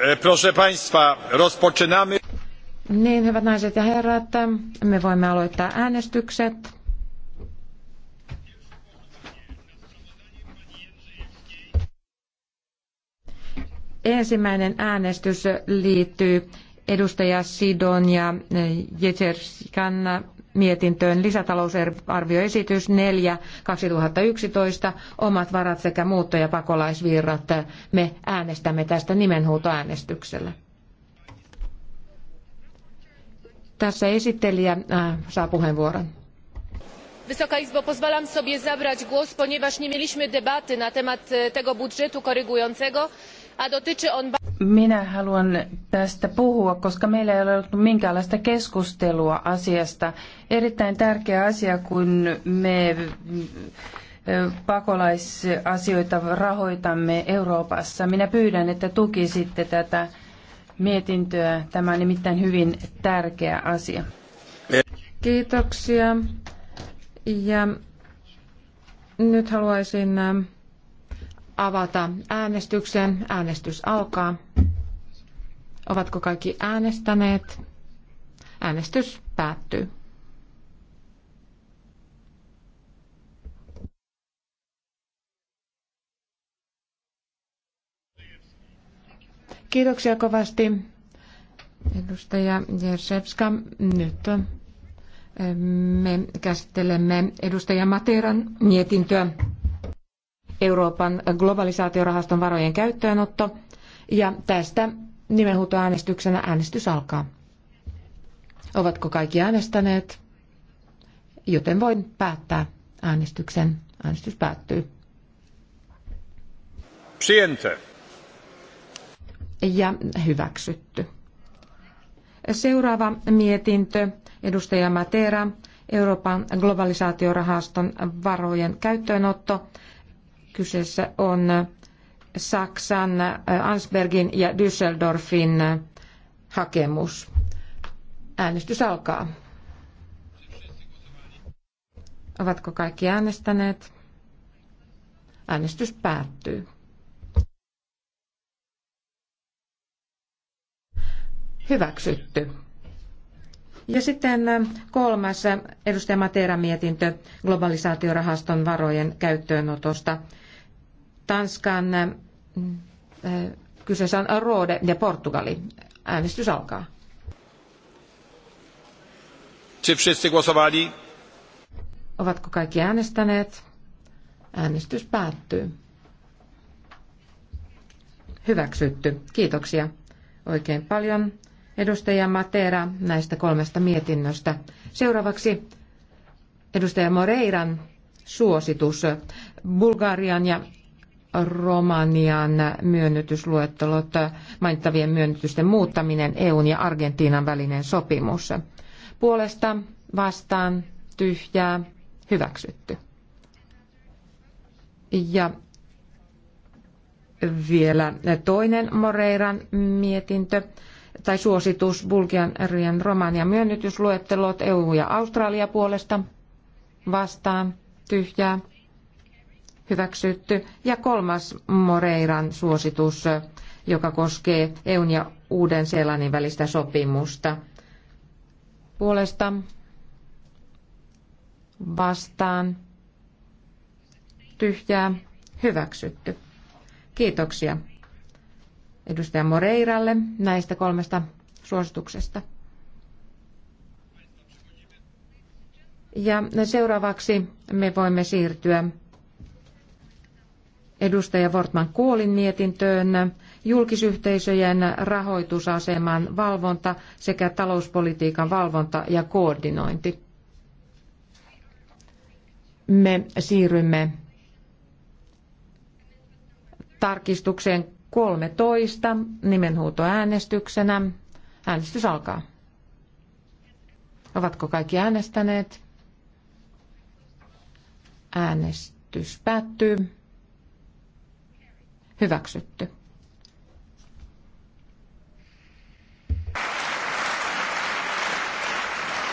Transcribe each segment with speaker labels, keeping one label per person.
Speaker 1: E, proszę Państwa, rozpoczynamy.
Speaker 2: Niin, hyvät naiset ja herrat, me voimme aloittaa äänestykset. Ensimmäinen äänestys liittyy edustaja Sidon ja Jeterskan mietintöön lisätalousarvioesitys 4 2011, omat varat sekä muutto- ja pakolaisvirrat. Me äänestämme tästä nimenhuutoäänestyksellä. Tässä esittelijä äh, saa puheenvuoron.
Speaker 3: Wysoka Izbo, pozwalam sobie zabrać głos, ponieważ nie mieliśmy debaty na temat e, tego budżetu korygującego, a dotyczy on
Speaker 1: minä haluan tästä puhua, koska meillä ei ole ollut minkäänlaista keskustelua asiasta. Erittäin tärkeä asia, kun me pakolaisasioita rahoitamme Euroopassa. Minä pyydän, että tukisitte tätä mietintöä. Tämä on nimittäin hyvin tärkeä asia. Kiitoksia. Ja
Speaker 2: nyt haluaisin avata äänestyksen. Äänestys alkaa. Ovatko kaikki äänestäneet? Äänestys päättyy. Kiitoksia kovasti edustaja Jersepska Nyt me käsittelemme edustaja Materan mietintöä Euroopan globalisaatiorahaston varojen käyttöönotto. Ja tästä Nimenhuutoäänestyksenä äänestys alkaa. Ovatko kaikki äänestäneet? Joten voin päättää äänestyksen. Äänestys päättyy. Siente. Ja hyväksytty. Seuraava mietintö. Edustaja Matera, Euroopan globalisaatiorahaston varojen käyttöönotto. Kyseessä on Saksan äh, Ansbergin ja Düsseldorfin äh, hakemus. Äänestys alkaa. Ovatko kaikki äänestäneet? Äänestys päättyy. Hyväksytty. Ja sitten äh, kolmas edustaja Matera mietintö globalisaatiorahaston varojen käyttöönotosta. Tanskan, kyseessä on Rode ja Portugali. Äänestys alkaa. Ovatko kaikki äänestäneet? Äänestys päättyy. Hyväksytty. Kiitoksia oikein paljon edustaja Matera näistä kolmesta mietinnöstä. Seuraavaksi edustaja Moreiran suositus Bulgarian ja Romanian myönnytysluettelot, mainittavien myönnytysten muuttaminen, EUn ja Argentiinan välinen sopimus. Puolesta vastaan tyhjää hyväksytty. Ja vielä toinen Moreiran mietintö tai suositus Bulgarian Romania myönnytysluettelot EU ja Australia puolesta vastaan tyhjää hyväksytty. Ja kolmas Moreiran suositus, joka koskee EUn ja Uuden-Seelannin välistä sopimusta. Puolesta vastaan tyhjää hyväksytty. Kiitoksia edustaja Moreiralle näistä kolmesta suosituksesta. Ja seuraavaksi me voimme siirtyä edustaja Wortman Kuolin mietintöön julkisyhteisöjen rahoitusaseman valvonta sekä talouspolitiikan valvonta ja koordinointi. Me siirrymme tarkistukseen 13 nimenhuutoäänestyksenä. Äänestys alkaa. Ovatko kaikki äänestäneet? Äänestys päättyy hyväksytty.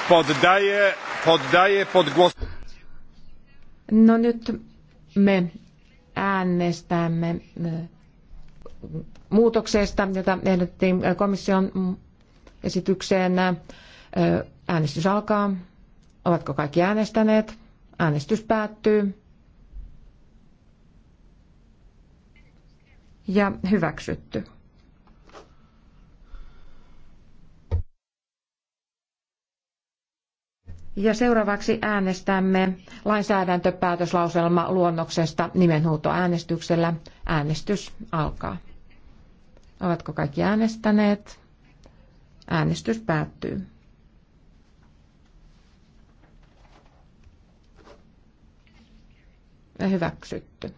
Speaker 1: Poddaje, poddaje pod głos...
Speaker 2: No nyt me äänestämme muutoksesta, jota ehdotettiin komission esitykseen. Äänestys alkaa. Ovatko kaikki äänestäneet? Äänestys päättyy. ja hyväksytty. Ja seuraavaksi äänestämme lainsäädäntöpäätöslauselma luonnoksesta nimenhuutoäänestyksellä. Äänestys alkaa. Ovatko kaikki äänestäneet? Äänestys päättyy. Hyväksytty.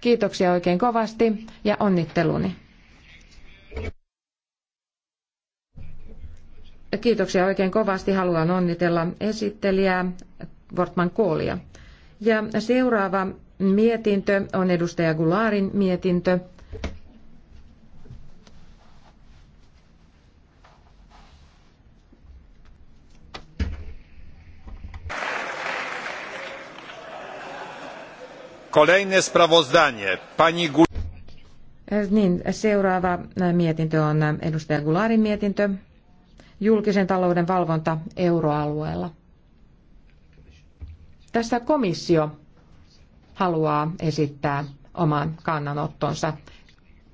Speaker 2: Kiitoksia oikein kovasti ja onnitteluni. Kiitoksia oikein kovasti. Haluan onnitella esittelijää Wortman Koolia. Ja seuraava mietintö on edustaja Gularin mietintö.
Speaker 1: Kolejne sprawozdanie. Pani Gul...
Speaker 2: Äh, niin, seuraava äh, mietintö on äh, edustaja Gularin mietintö. Julkisen talouden valvonta euroalueella. Tässä komissio haluaa esittää oman kannanottonsa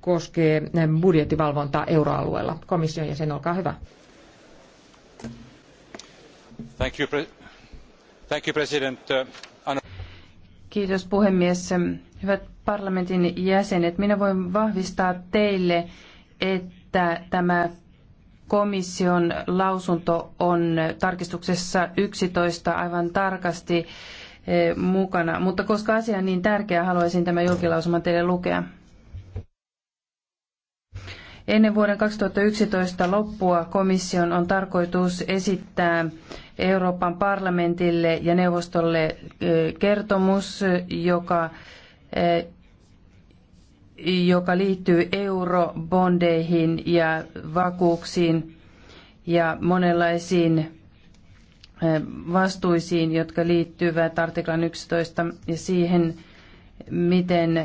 Speaker 2: koskee budjettivalvontaa euroalueella. Komission jäsen, olkaa hyvä.
Speaker 1: Thank you, pre- Thank you, President. Kiitos puhemies. Hyvät parlamentin jäsenet, minä voin vahvistaa teille, että tämä komission lausunto on tarkistuksessa 11 aivan tarkasti eh, mukana. Mutta koska asia on niin tärkeä, haluaisin tämän julkilausuman teille lukea. Ennen vuoden 2011 loppua komission on tarkoitus esittää Euroopan parlamentille ja neuvostolle kertomus, joka, joka liittyy eurobondeihin ja vakuuksiin ja monenlaisiin vastuisiin, jotka liittyvät artiklan 11 ja siihen, miten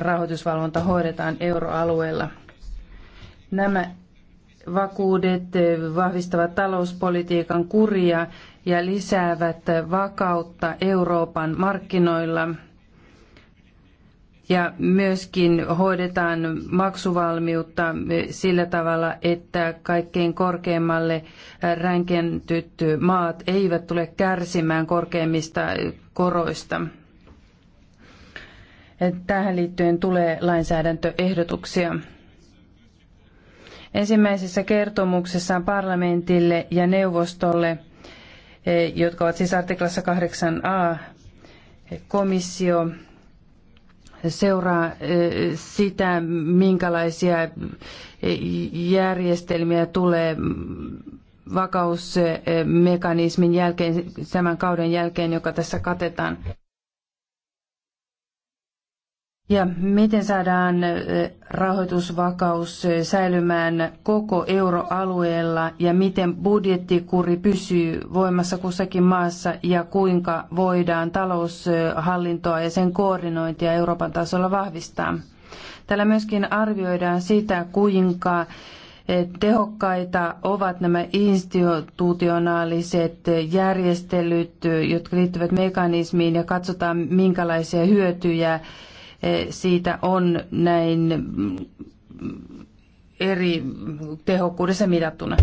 Speaker 1: rahoitusvalvonta hoidetaan euroalueella. Nämä vakuudet vahvistavat talouspolitiikan kuria ja lisäävät vakautta Euroopan markkinoilla. Ja myöskin hoidetaan maksuvalmiutta sillä tavalla, että kaikkein korkeimmalle ränkentyt maat eivät tule kärsimään korkeimmista koroista. Tähän liittyen tulee lainsäädäntöehdotuksia. Ensimmäisessä kertomuksessaan parlamentille ja neuvostolle, eh, jotka ovat siis artiklassa 8a, eh, komissio seuraa eh, sitä, minkälaisia järjestelmiä tulee vakausmekanismin jälkeen, tämän kauden jälkeen, joka tässä katetaan. Ja miten saadaan rahoitusvakaus säilymään koko euroalueella ja miten budjettikuri pysyy voimassa kussakin maassa ja kuinka voidaan taloushallintoa ja sen koordinointia Euroopan tasolla vahvistaa? Täällä myöskin arvioidaan sitä, kuinka tehokkaita ovat nämä institutionaaliset järjestelyt, jotka liittyvät mekanismiin ja katsotaan minkälaisia hyötyjä siitä on näin eri tehokkuudessa mitattuna.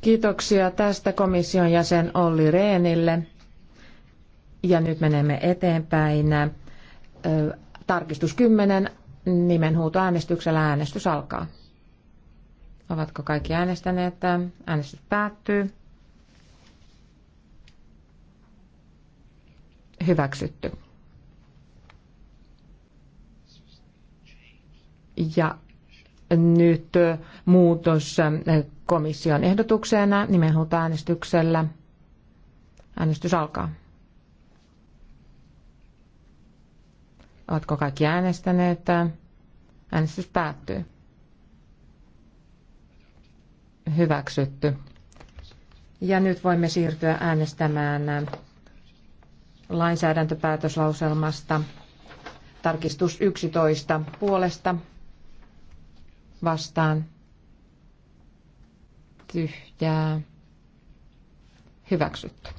Speaker 2: Kiitoksia tästä komission jäsen Olli Rehnille. Ja nyt menemme eteenpäin. Tarkistus 10. Nimenhuutoäänestyksellä äänestys alkaa. Ovatko kaikki äänestäneet? Äänestys päättyy. hyväksytty. Ja nyt muutos komission ehdotuksena äänestyksellä. Äänestys alkaa. Oletko kaikki äänestäneet? Äänestys päättyy. Hyväksytty. Ja nyt voimme siirtyä äänestämään lainsäädäntöpäätöslauselmasta. Tarkistus 11 puolesta vastaan tyhjää hyväksytty.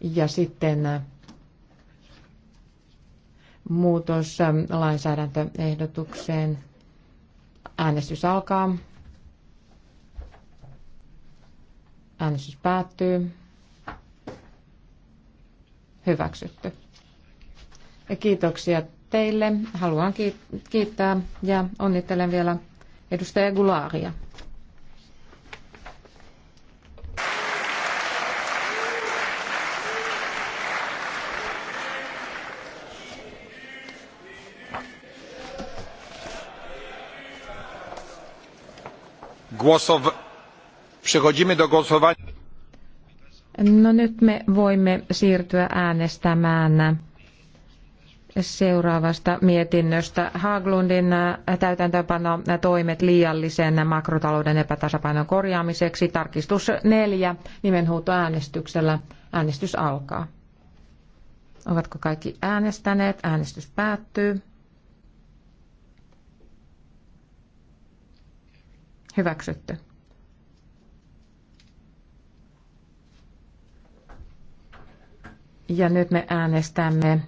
Speaker 2: Ja sitten äh, muutos äh, lainsäädäntöehdotukseen. Äänestys alkaa. Äänestys päättyy hyväksytty. Kiitoksia teille. Haluan kiittää ja onnittelen vielä edustaja Gularia.
Speaker 1: Głosow... Przechodzimy do głosowania.
Speaker 2: No nyt me voimme siirtyä äänestämään seuraavasta mietinnöstä. Haglundin täytäntöpano toimet liiallisen makrotalouden epätasapainon korjaamiseksi. Tarkistus neljä äänestyksellä Äänestys alkaa. Ovatko kaikki äänestäneet? Äänestys päättyy. Hyväksytty. Ja nyt me äänestämme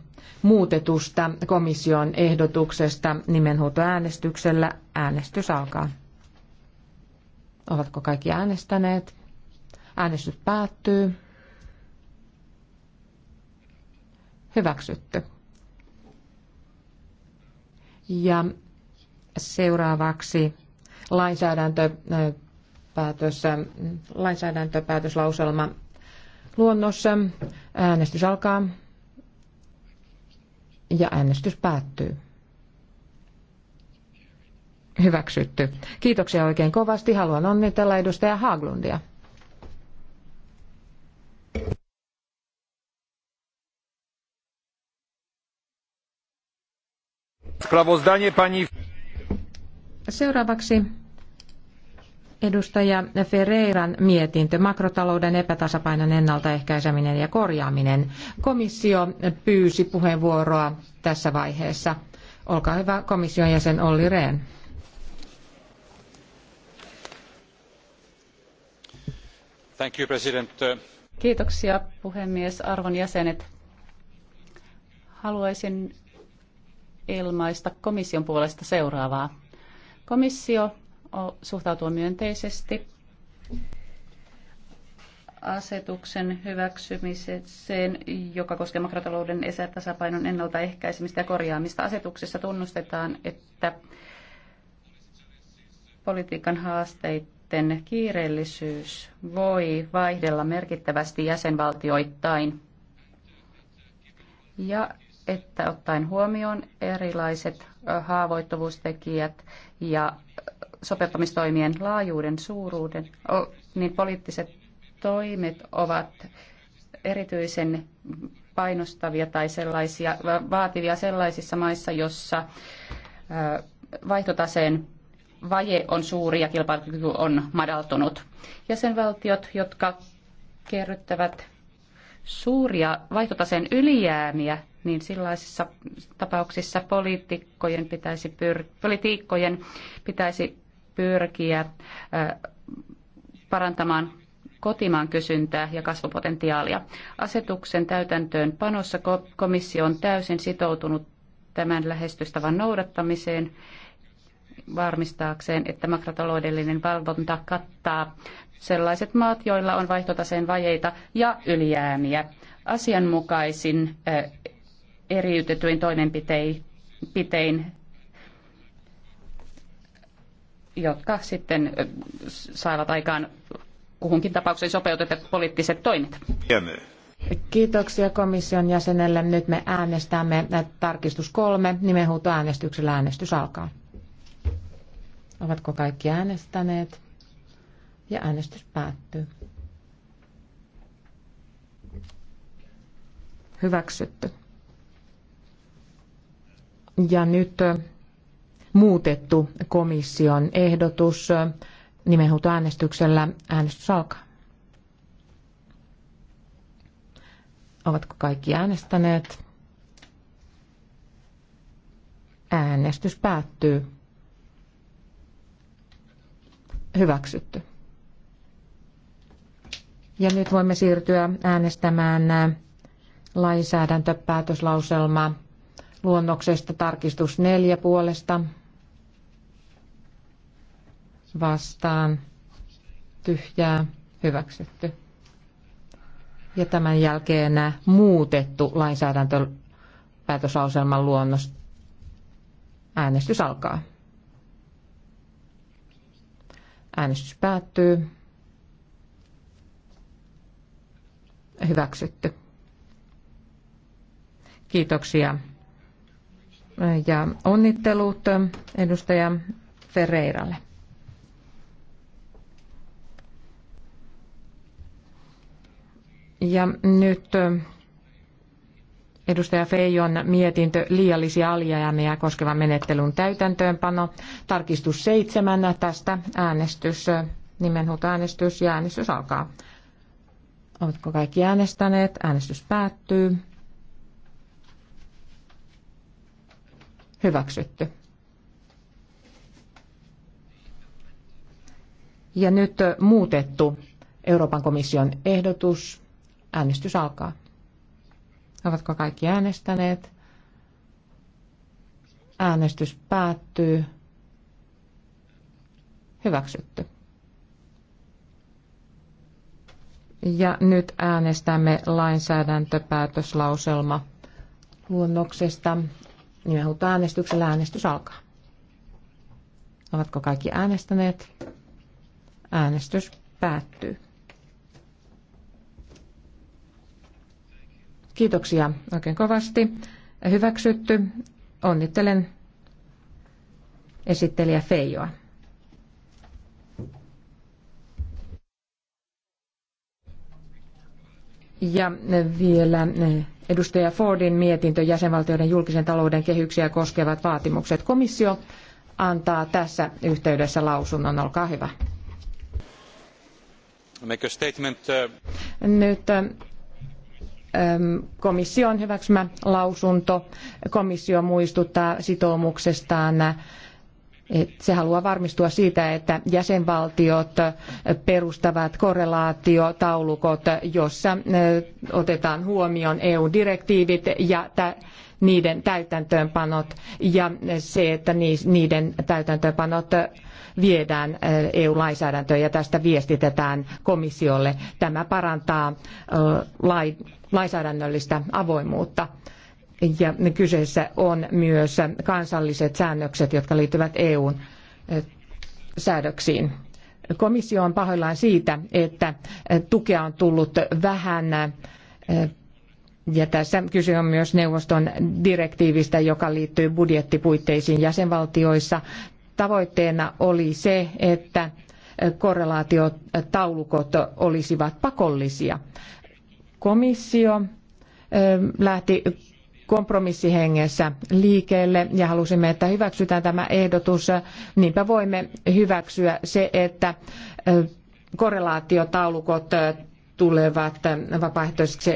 Speaker 2: muutetusta komission ehdotuksesta nimenhuutoäänestyksellä. Äänestys alkaa. Ovatko kaikki äänestäneet? Äänestys päättyy. Hyväksytty. Ja seuraavaksi lainsäädäntö, päätös, lainsäädäntöpäätöslauselma luonnos. Äänestys alkaa ja äänestys päättyy. Hyväksytty. Kiitoksia oikein kovasti. Haluan onnitella edustaja Haglundia. pani... Seuraavaksi Edustaja Ferreiran mietintö, makrotalouden epätasapainon ennaltaehkäiseminen ja korjaaminen. Komissio pyysi puheenvuoroa tässä vaiheessa. Olkaa hyvä, komission jäsen Olli Rehn.
Speaker 1: Thank you, President.
Speaker 3: Kiitoksia puhemies, arvon jäsenet. Haluaisin ilmaista komission puolesta seuraavaa. Komissio suhtautua myönteisesti asetuksen hyväksymiseen, joka koskee makrotalouden esätasapainon ennaltaehkäisemistä ja korjaamista. Asetuksessa tunnustetaan, että politiikan haasteiden kiireellisyys voi vaihdella merkittävästi jäsenvaltioittain ja että ottaen huomioon erilaiset haavoittuvuustekijät ja sopeuttamistoimien laajuuden, suuruuden, niin poliittiset toimet ovat erityisen painostavia tai sellaisia, vaativia sellaisissa maissa, jossa vaihtotaseen vaje on suuri ja kilpailukyky on madaltunut. Jäsenvaltiot, jotka kerryttävät suuria vaihtotaseen ylijäämiä, niin sellaisissa tapauksissa poliitikkojen pitäisi, pyr- pitäisi pyrkiä parantamaan kotimaan kysyntää ja kasvupotentiaalia. Asetuksen täytäntöön panossa komissio on täysin sitoutunut tämän lähestystavan noudattamiseen varmistaakseen, että makrotaloudellinen valvonta kattaa sellaiset maat, joilla on vaihtotaseen vajeita ja ylijäämiä asianmukaisin eriytetyin toimenpitein jotka sitten saivat aikaan kuhunkin tapaukseen sopeutetut poliittiset toimet. Kiitoksia komission jäsenelle. Nyt me
Speaker 2: äänestämme tarkistus kolme. Nimenhuutoäänestyksellä äänestys alkaa. Ovatko kaikki äänestäneet? Ja äänestys päättyy. Hyväksytty. Ja nyt muutettu komission ehdotus nimenhuutoäänestyksellä. Äänestys alkaa. Ovatko kaikki äänestäneet? Äänestys päättyy. Hyväksytty. Ja nyt voimme siirtyä äänestämään lainsäädäntöpäätöslauselma luonnoksesta tarkistus neljä puolesta vastaan tyhjää hyväksytty. Ja tämän jälkeen muutettu lainsäädäntöpäätöslauselman luonnos. Äänestys alkaa. Äänestys päättyy. Hyväksytty. Kiitoksia. Ja onnittelut edustaja Ferreiralle. Ja nyt edustaja Feijon mietintö liiallisia alijäämiä koskevan menettelyn täytäntöönpano. Tarkistus seitsemän tästä äänestys, äänestys ja äänestys alkaa. Oletko kaikki äänestäneet? Äänestys päättyy. Hyväksytty. Ja nyt muutettu Euroopan komission ehdotus Äänestys alkaa. Ovatko kaikki äänestäneet? Äänestys päättyy. Hyväksytty. Ja nyt äänestämme lainsäädäntöpäätöslauselma luonnoksesta. Nimenhuuto äänestyksellä äänestys alkaa. Ovatko kaikki äänestäneet? Äänestys päättyy. Kiitoksia oikein kovasti. Hyväksytty. Onnittelen esittelijä Feijoa. Ja vielä edustaja Fordin mietintö jäsenvaltioiden julkisen talouden kehyksiä koskevat vaatimukset. Komissio antaa tässä yhteydessä lausunnon. Olkaa hyvä.
Speaker 1: Make a statement, uh,
Speaker 2: Nyt uh, Ähm, komission hyväksymä lausunto. Komissio muistuttaa sitoumuksestaan se haluaa varmistua siitä, että jäsenvaltiot perustavat korrelaatiotaulukot, jossa äh, otetaan huomioon EU-direktiivit ja niiden täytäntöönpanot ja se, että niiden täytäntöönpanot viedään äh, EU-lainsäädäntöön ja tästä viestitetään komissiolle. Tämä parantaa äh, lain lainsäädännöllistä avoimuutta. Ja kyseessä on myös kansalliset säännökset, jotka liittyvät EUn säädöksiin. Komissio on pahoillaan siitä, että tukea on tullut vähän ja tässä kyse on myös neuvoston direktiivistä, joka liittyy budjettipuitteisiin jäsenvaltioissa. Tavoitteena oli se, että korrelaatiotaulukot olisivat pakollisia. Komissio lähti kompromissihengessä liikkeelle ja halusimme, että hyväksytään tämä ehdotus. Niinpä voimme hyväksyä se, että korrelaatiotaulukot tulevat vapaaehtoisiksi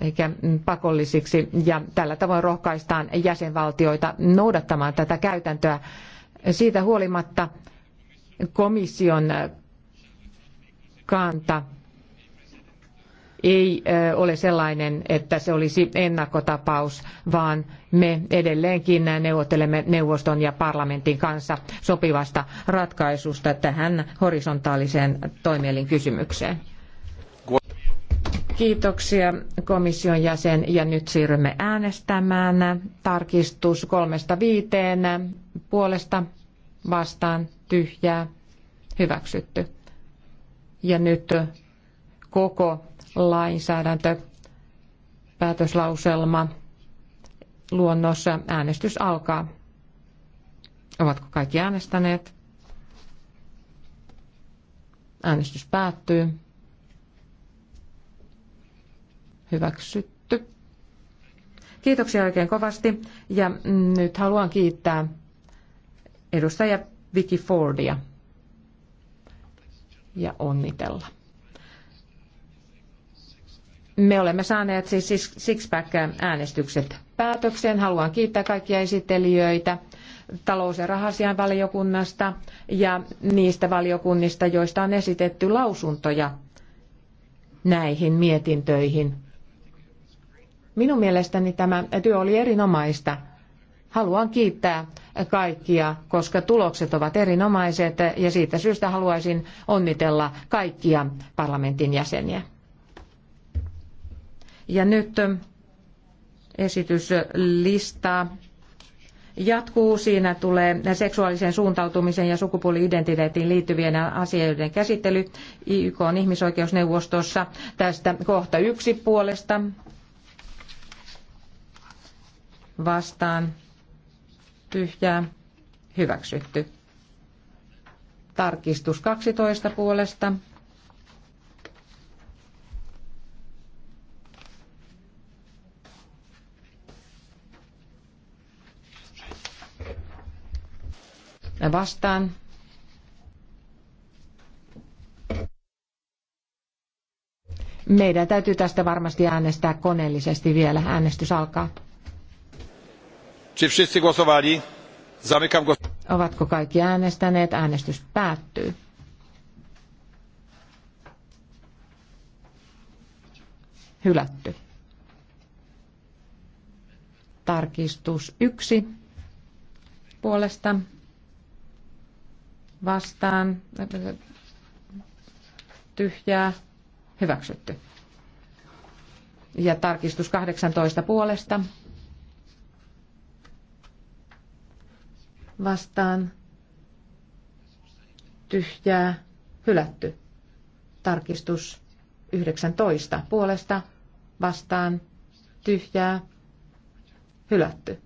Speaker 2: eikä pakollisiksi ja tällä tavoin rohkaistaan jäsenvaltioita noudattamaan tätä käytäntöä. Siitä huolimatta komission kanta ei ole sellainen, että se olisi ennakkotapaus, vaan me edelleenkin neuvottelemme neuvoston ja parlamentin kanssa sopivasta ratkaisusta tähän horisontaaliseen toimielin kysymykseen. Kiitoksia komission jäsen ja nyt siirrymme äänestämään. Tarkistus kolmesta viiteen puolesta vastaan tyhjää hyväksytty. Ja nyt koko lainsäädäntö, päätöslauselma, luonnossa äänestys alkaa. Ovatko kaikki äänestäneet? Äänestys päättyy. Hyväksytty. Kiitoksia oikein kovasti ja nyt haluan kiittää edustaja Vicky Fordia ja onnitella. Me olemme saaneet siis Sixpack-äänestykset päätökseen. Haluan kiittää kaikkia esittelijöitä talous- ja rahasiainvaliokunnasta ja niistä valiokunnista, joista on esitetty lausuntoja näihin mietintöihin. Minun mielestäni tämä työ oli erinomaista. Haluan kiittää kaikkia, koska tulokset ovat erinomaiset ja siitä syystä haluaisin onnitella kaikkia parlamentin jäseniä. Ja nyt esitys listaa jatkuu. Siinä tulee seksuaalisen suuntautumisen ja sukupuoli-identiteettiin liittyvien asioiden käsittely YK on ihmisoikeusneuvostossa. Tästä kohta yksi puolesta vastaan tyhjää hyväksytty. Tarkistus 12 puolesta vastaan. Meidän täytyy tästä varmasti äänestää koneellisesti vielä. Äänestys alkaa. Ovatko kaikki äänestäneet? Äänestys päättyy. Hylätty. Tarkistus yksi puolesta vastaan tyhjää hyväksytty. Ja tarkistus 18 puolesta vastaan tyhjää hylätty. Tarkistus 19 puolesta vastaan tyhjää hylätty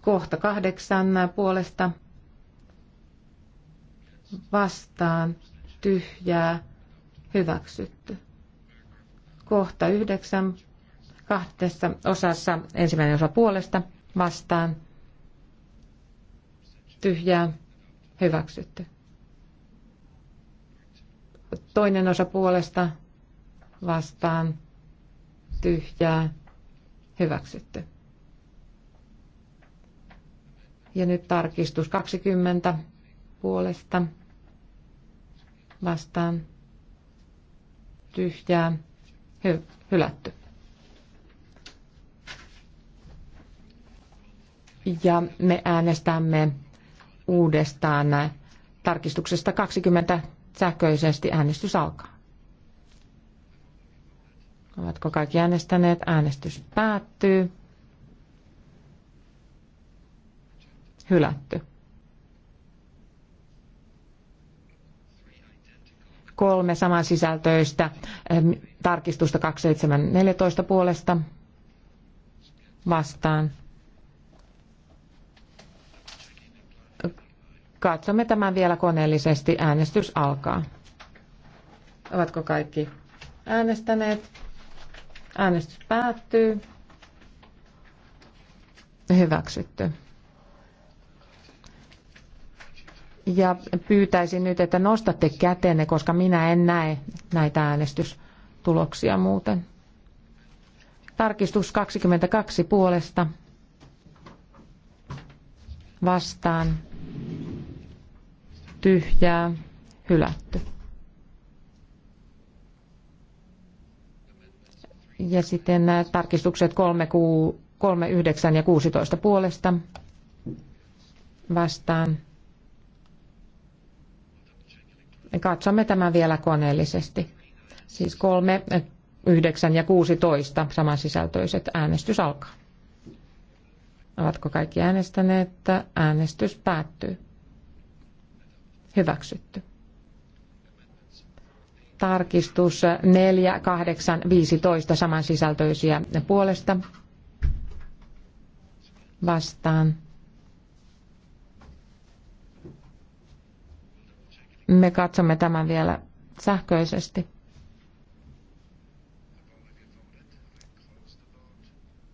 Speaker 2: Kohta kahdeksan puolesta vastaan tyhjää hyväksytty. Kohta yhdeksän kahdessa osassa ensimmäinen osa puolesta vastaan tyhjää hyväksytty. Toinen osa puolesta vastaan tyhjää hyväksytty. Ja nyt tarkistus 20 puolesta vastaan tyhjää hy- hylätty. Ja me äänestämme uudestaan tarkistuksesta 20 sähköisesti äänestys alkaa. Ovatko kaikki äänestäneet? Äänestys päättyy. hylätty. Kolme samansisältöistä ähm, tarkistusta 2714 puolesta vastaan. Katsomme tämän vielä koneellisesti. Äänestys alkaa. Ovatko kaikki äänestäneet? Äänestys päättyy. Hyväksytty. Ja pyytäisin nyt, että nostatte kätenne, koska minä en näe näitä äänestystuloksia muuten. Tarkistus 22 puolesta. Vastaan. Tyhjää. Hylätty. Ja sitten äh, tarkistukset 3, 9 ja 16 puolesta. Vastaan Katsomme tämän vielä koneellisesti. Siis Kolme yhdeksän ja 16 samansisältöiset äänestys alkaa. Ovatko kaikki äänestäneet, että äänestys päättyy? Hyväksytty. Tarkistus 4, 8, 15 samansisältöisiä puolesta vastaan Me katsomme tämän vielä sähköisesti.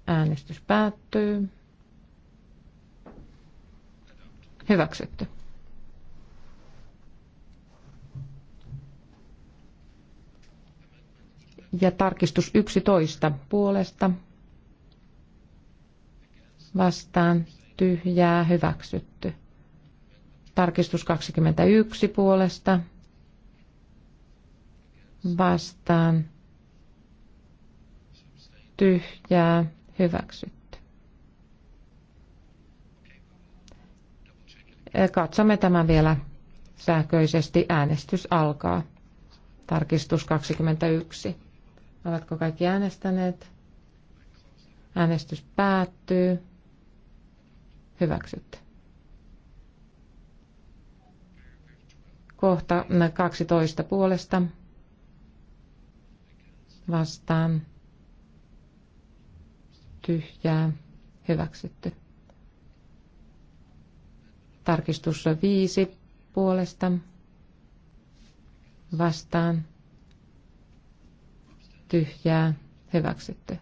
Speaker 2: Äänestys päättyy. Hyväksytty. Ja tarkistus 11 puolesta vastaan tyhjää hyväksytty. Tarkistus 21 puolesta vastaan tyhjää hyväksytty. Katsomme tämän vielä sähköisesti. Äänestys alkaa. Tarkistus 21. Oletko kaikki äänestäneet? Äänestys päättyy. Hyväksytty. Kohta 12 puolesta vastaan tyhjää hyväksytty. Tarkistus 5 puolesta vastaan tyhjää hyväksytty.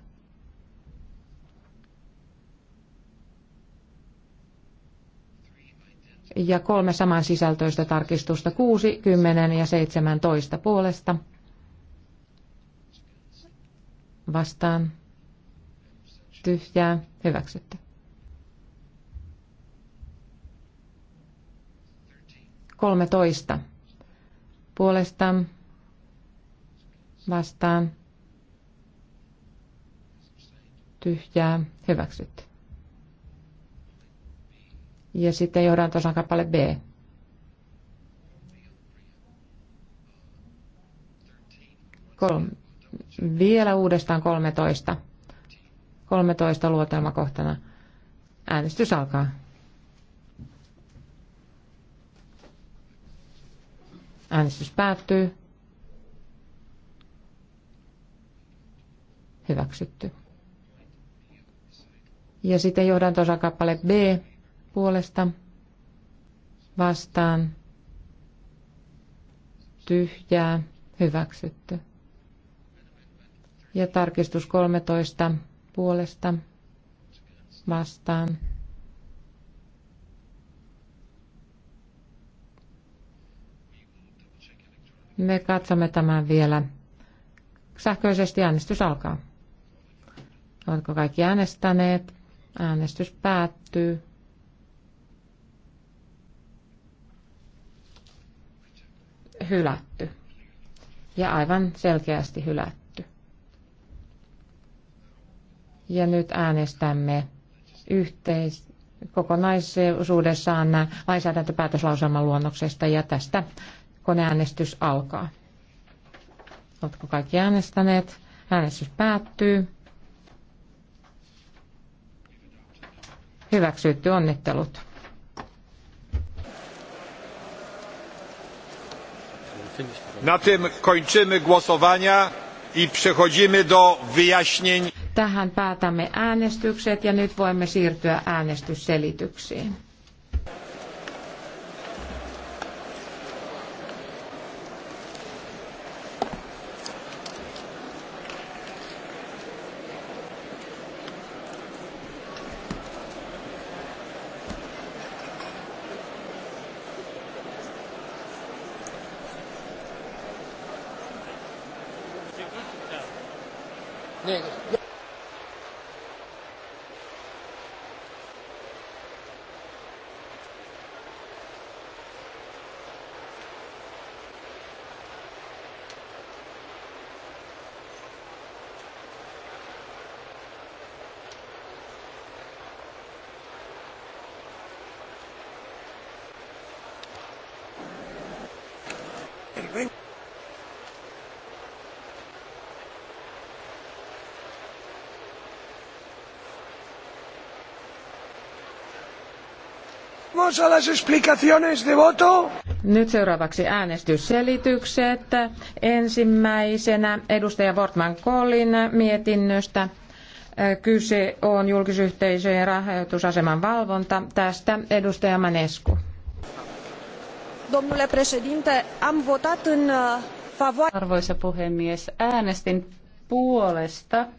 Speaker 2: ja kolme samansisältöistä tarkistusta 6, 10 ja 17 puolesta. Vastaan. Tyhjää. Hyväksytty. 13. Puolesta vastaan tyhjää hyväksytty. Ja sitten johdantosan kappale B. Kolm. Vielä uudestaan 13. 13 luotelmakohtana. Äänestys alkaa. Äänestys päättyy. Hyväksytty. Ja sitten kappale B puolesta vastaan tyhjää hyväksytty. Ja tarkistus 13 puolesta vastaan Me katsomme tämän vielä. Sähköisesti äänestys alkaa. Oletko kaikki äänestäneet? Äänestys päättyy. hylätty. Ja aivan selkeästi hylätty. Ja nyt äänestämme yhteis kokonaisuudessaan lainsäädäntöpäätöslauselman luonnoksesta ja tästä koneäänestys alkaa. Oletko kaikki äänestäneet? Äänestys päättyy. Hyväksytty onnittelut.
Speaker 1: Na tym kończymy głosowania i przechodzimy do wyjaśnień.
Speaker 2: Tähän päätämme äänestykset ja nyt voimme siirtyä äänestysselityksiin. a las explicaciones de voto. Nyt seuraavaksi äänestysselitykset. Ensimmäisenä edustaja Wortman Kollin mietinnöstä. Kyse on julkisyhteisöjen rahoitusaseman valvonta. Tästä edustaja
Speaker 3: Manescu.
Speaker 1: Domnule președinte, am votat în uh,
Speaker 3: favoarea... Arvoisa puhemies, äänestin puolesta